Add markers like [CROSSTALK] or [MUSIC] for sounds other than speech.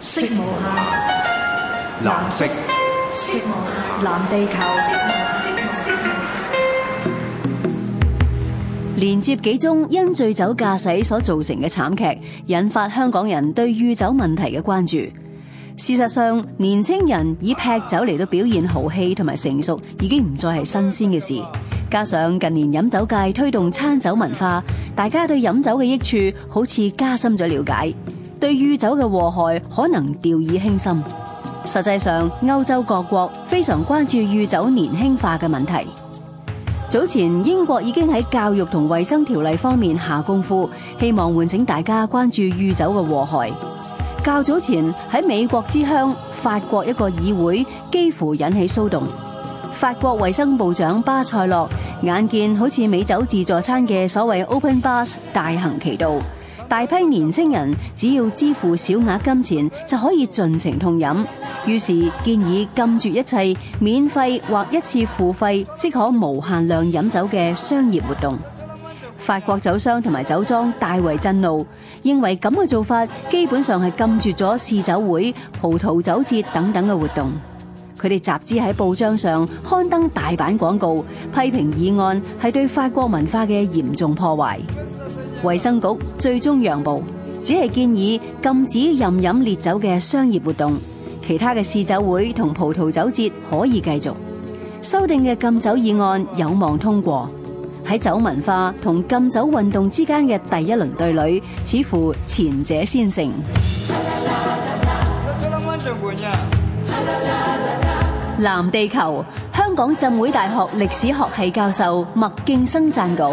色無暇，藍色，色無暇，藍地球。連接幾宗因醉酒駕駛所造成嘅慘劇，引發香港人對酗酒問題嘅關注。事實上，年輕人以劈酒嚟到表現豪氣同埋成熟，已經唔再係新鮮嘅事。加上近年飲酒界推動餐酒文化，大家對飲酒嘅益處好似加深咗了，了解。對酗酒嘅禍害可能掉以輕心，實際上歐洲各國非常關注酗酒年輕化嘅問題。早前英國已經喺教育同衛生條例方面下功夫，希望喚醒大家關注酗酒嘅禍害。較早前喺美國之鄉法國一個議會幾乎引起騷動，法國衛生部長巴塞洛眼見好似美酒自助餐嘅所謂 open bars 大行其道。大批年青人只要支付小額金錢就可以盡情痛飲，於是建議禁絕一切免費或一次付費即可無限量飲酒嘅商業活動。法國酒商同埋酒莊大為震怒，認為咁嘅做法基本上係禁絕咗試酒會、葡萄酒節等等嘅活動。佢哋集資喺報章上刊登大版廣告，批評議案係對法國文化嘅嚴重破壞。衛生局最終讓步，只係建議禁止任飲烈酒嘅商業活動，其他嘅試酒會同葡萄酒節可以繼續。修訂嘅禁酒議案有望通過。喺酒文化同禁酒運動之間嘅第一輪對壘，似乎前者先勝。藍 [NOISE] 地球，香港浸會大學歷史學系教授麥勁生撰稿。